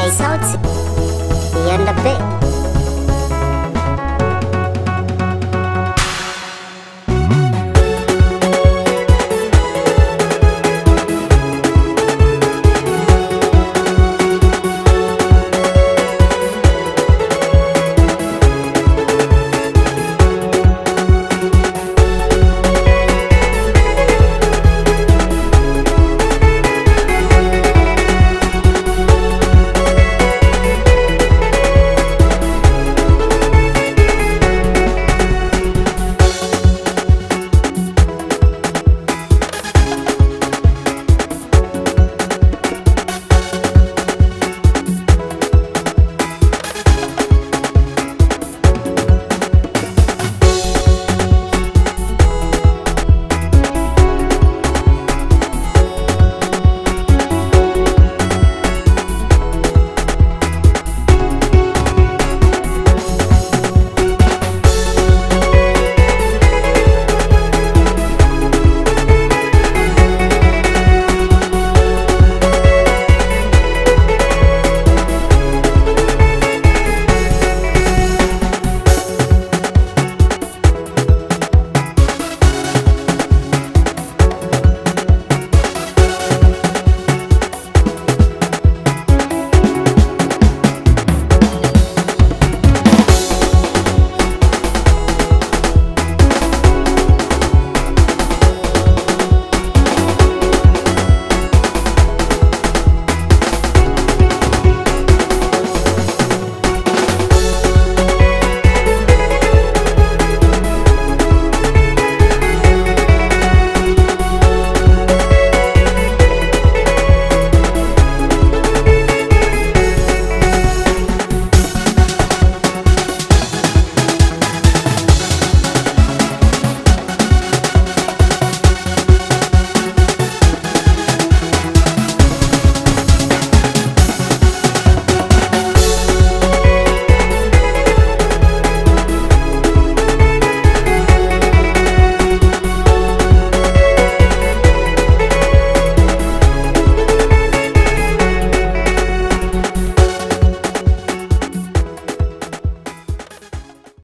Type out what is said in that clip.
J salty. You're the big.